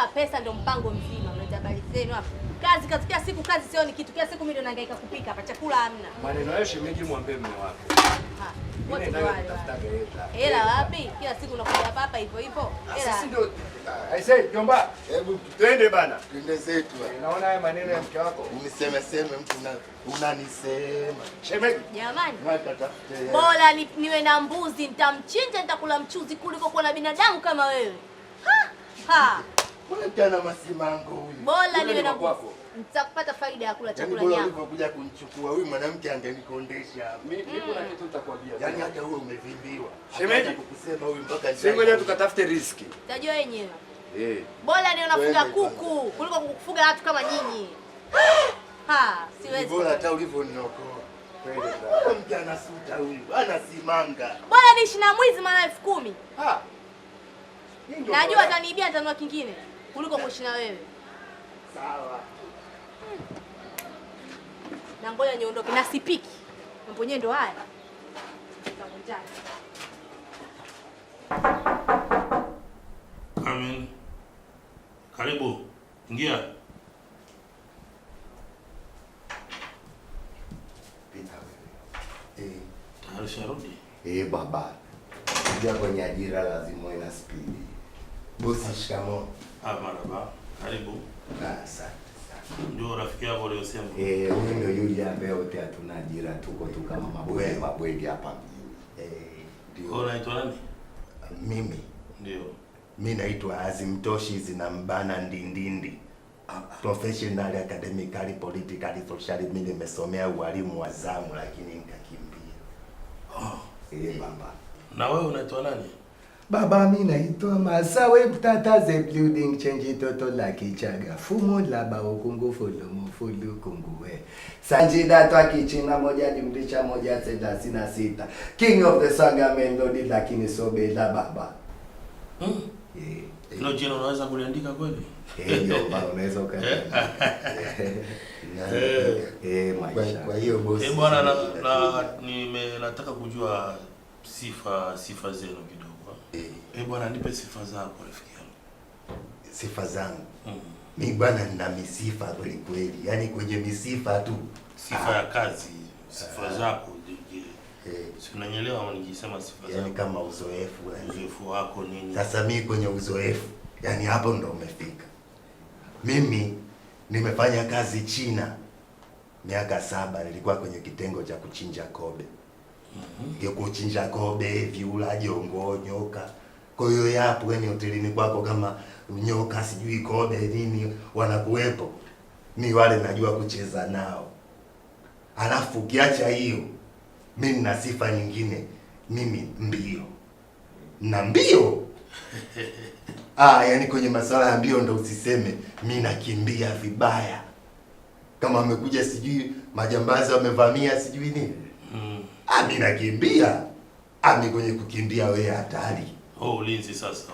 hapa pesa ndio mpango mzima, unajabali zenu hapa. Kazi kazi, kila siku kazi, sio ni kitu. Kila siku mimi ndo nahangaika kupika hapa, chakula hamna. Maneno yao shemeji, mwambie mume wako. Ha. Wote ni wale. Hela wapi? Kila siku unakuja hapa hapa hivyo hivyo. Ah, hela. Sisi ndio ah, I say jomba, hebu twende bana. Twende zetu. Naona haya maneno ya mke wako. Uniseme seme mtu na unanisema. Shemeji. Jamani. Bora niwe na mbuzi nitamchinja nitakula mchuzi kuliko kuwa na binadamu kama wewe. Ha. Ha. Mbona Tena masimango huyu. Bora niwe na kwako. Nitakupata faida ya kula yaani chakula nyama. Bora ulikuja kunichukua huyu mwanamke angenikondesha. Mimi kuna mm. kitu nitakwambia. Yaani hata wewe umevimbiwa. Shemeji kukusema huyu mpaka nje. Ngoja tukatafute riziki. Utajua wenyewe. Eh. Bora niwe nafuga kuku kuliko kukufuga watu kama nyinyi. Ha, siwezi. Bora hata ulivyoniokoa. Kweli sana. Mke anasuta huyu, anasimanga. Bora niishi na mwizi mara elfu kumi. Ha. Najua ataniibia atanua kingine kuliko kuishi na wewe. Sawa. Hmm. Na ngoja niondoke, nasipiki mambo yenyewe ndo haya Amen. Karibu, ingia. wewe. Eh, Tayari sharudi. Eh, baba, Ndio kwenye ajira lazima ina spidi Bosi, shikamoo. Ah, marhaba. Karibu. Ah, asante. Ndio rafiki yako uliyosema. Eh, huyu ndio yule ambaye wote hatuna ajira tuko tu kama mabwege mabwege hapa Eh, ndio. unaitwa nani? Mimi. Ndio. Mimi naitwa Azimtoshi Zinambana Ndindindi. Ah, ah. Professional academically politically social, mimi nimesomea ualimu wa zamu lakini nikakimbia. Oh, eh baba. Na wewe unaitwa nani? Baba, mimi naitwa Masawe Mtata ze building change toto la kichaga fumo la bao kungu fulu mfulu kungu we sanji datwa kichina moja jumlisha moja thelathini na sita king of the saga melody lakini sobe la baba mm. yeah. Eh. jina unaweza kuliandika kweli? Eh, baba unaweza ukaandika. Eh. eh, maisha. Kwa hiyo bosi. Eh, bwana nataka kujua sifa sifa zenu kidogo. Eh, bwana nipe sifa zako rafiki yangu. Sifa zangu. Mm. Mimi bwana nina misifa kweli kweli. Yaani kwenye misifa tu. Sifa ah, ya kazi, sifa ah, zako jiji. Eh, si au nikisema sifa yani zako. kama uzoefu na yaani. uzoefu wako nini? Sasa mimi kwenye uzoefu. Yaani hapo ndo umefika. Mimi nimefanya kazi China miaka saba nilikuwa kwenye kitengo cha kuchinja kobe. Mm -hmm. Kuchinja kobe, viula, jongo, nyoka. Kwa hiyo ya hapo kwenye hotelini kwako, kama nyoka sijui kobe nini wanakuwepo, mi wale najua kucheza nao. Alafu ukiacha hiyo, mi nina sifa nyingine, mimi mbio na mbio Ah, yani kwenye masuala ya mbio ndo usiseme, mi nakimbia vibaya. Kama amekuja sijui majambazi wamevamia sijui nini, mm. Ah, mi nakimbia. Ah, kwenye kukimbia, wewe hatari Oh, ulinzi sasa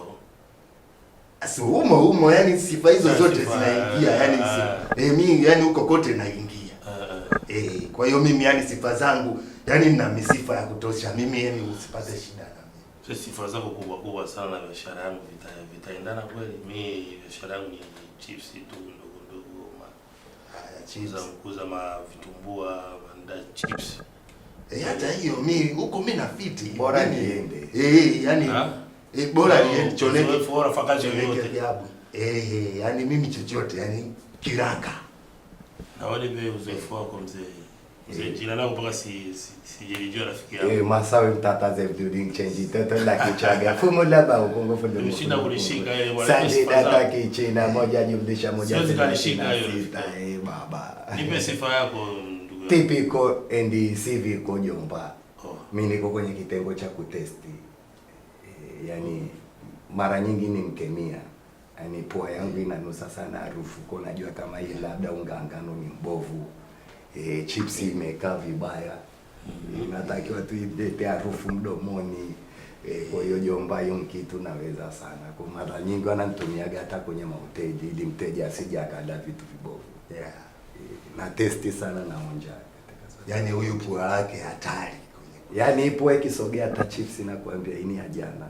Asi umo umo, yani sifa hizo zote zinaingia yani uh, eh, mimi eh. eh, yani huko kote naingia eh, eh, kwa hiyo mimi yani sifa zangu yani nina misifa ya kutosha mimi, yani usipate shida na mimi. Sasa sifa zako kubwa kubwa sana na biashara yangu vita vitaendana kweli. Mimi biashara yangu ni chips tu ndogo ndogo, ma haya chips za kuuza ma vitumbua manda chips eh, hata hiyo mimi huko mimi na fiti bora niende eh, yani ha? E, bora no, choneke fora fakaje yote ajabu. Eh, yani mimi chochote yani kiranga. Na wale be uzoefu wako mzee. Mzee eh. jina langu mpaka si sijilijua rafiki yangu. Eh, masawe mtata ze building change tata la kichaga. Fumo ba ukongo fumo. Nimeshinda kulishika ile wala. Sasa data kichina eh. moja jumlisha moja. Siwezi kanishika hiyo. Eh, baba. Nipe sifa yako ndugu. Typical and CV ko Jomba. Mimi niko kwenye kitengo cha kutesti yani mara nyingi ni mkemia, yani pua yangu inanusa sana harufu, kwa najua kama hii labda unga ngano ni mbovu e, chipsi mm. imekaa vibaya, mm-hmm. inatakiwa tu ilete harufu mdomoni. E, kwa hiyo jomba, hiyo kitu naweza sana. Kwa mara nyingi wananitumiaga hata kwenye mahoteli ili mteja asije akala vitu vibovu. Yeah. E, na testi sana naonja. yani huyu pua yake hatari. Yaani pua ikisogea hata chips nakwambia hii ni ajana.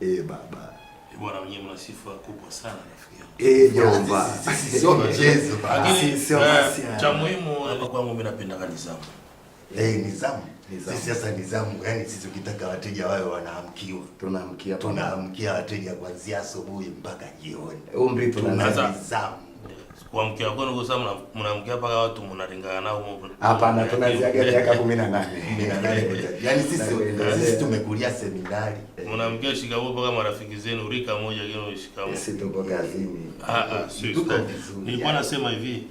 Eh, baba. Eh, bwana mwenyewe una sifa kubwa sana nafikiri. Eh, jomba. Sio mchezo. Lakini sio basi. Cha muhimu hapa eh, kwangu mimi napenda Eh, nizamu. Yaani sisi sasa nizamu, yani sisi wateja wao wanaamkiwa. Tunaamkia. Tunaamkia wateja kuanzia asubuhi mpaka jioni. Umri tunaanza nizamu. Kwa mke wako ni kusema mnamkia mpaka watu mnalingana nao huko. Hapana, tunaziaga miaka 18. 18. Yaani sisi sisi tumekulia seminari. Mnamkia huko paka marafiki zenu rika moja kile ushika huko. Sisi tuko kazini. Ah ah, sio. Nilikuwa yaani. nasema hivi.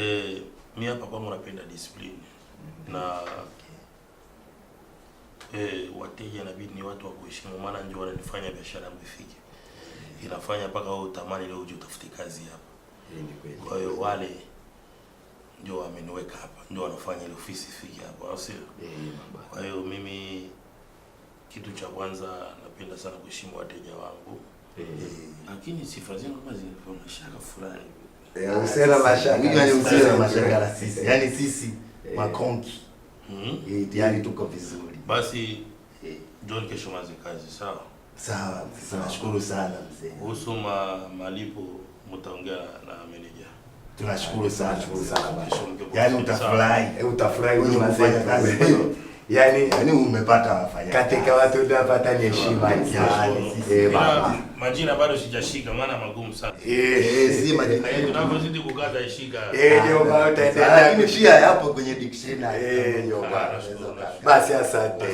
Eh, mimi eh, hapa kwangu napenda discipline. Mm-hmm. Na eh, wateja inabidi ni watu wa kuheshimu, maana ndio wananifanya biashara yangu ifike. Eh. Inafanya paka wewe utamani leo uje utafute kazi hapa. Kwa hiyo wale ndio wameniweka hapa, ndio wanafanya ile ofisi fiki hapa, au sio? Eh, Kwa hiyo mimi kitu cha kwanza napenda sana kuheshimu wateja wangu, eh. lakini sifa zenu kama zilikuwa na shaka fulani eh, usera mashaka yaani sisi, yaani sisi makonki tayari hmm? tuko vizuri. Basi John, kesho mazi kazi, sawa? Sawa, tunashukuru sana mzee. Kuhusu malipo mtaongea na meneja. Tunashukuru sana, tunashukuru sana. Yaani utafurahi, utafurahi wewe mzee. Yani, yani umepata wafanya katika watu uliopata ni heshima eh, baba. Majina bado sijashika maana magumu sana. Eh, eh si eh, majina. Eh, tunapozidi kukata heshika. Eh, ndio baba utaendelea. Lakini pia hapo kwenye dictionary. Eh, ndio baba. Ah, Basi asante.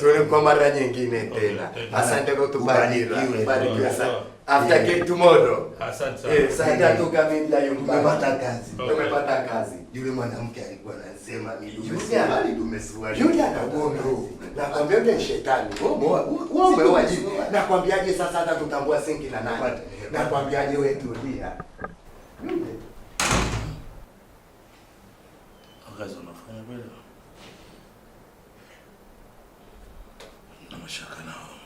Tuone kwa mara nyingine tena. Asante kwa kutubarikiwa. Barikiwa sana after yeah. Get tomorrow. Asante sana. Eh, sasa nitatoka mimi bila yule umepata kazi. Umepata kazi. Yule mwanamke alikuwa anasema ni mimi hali tumesuali. Yule anagondo. Na kwambia yule shetani. Wewe wewe wajibu. Na kwambiaje sasa hata tutambua sinki na nani? Na kwambiaje wewe tulia. Yule. Kazi unafanya bila. Na mashaka nao.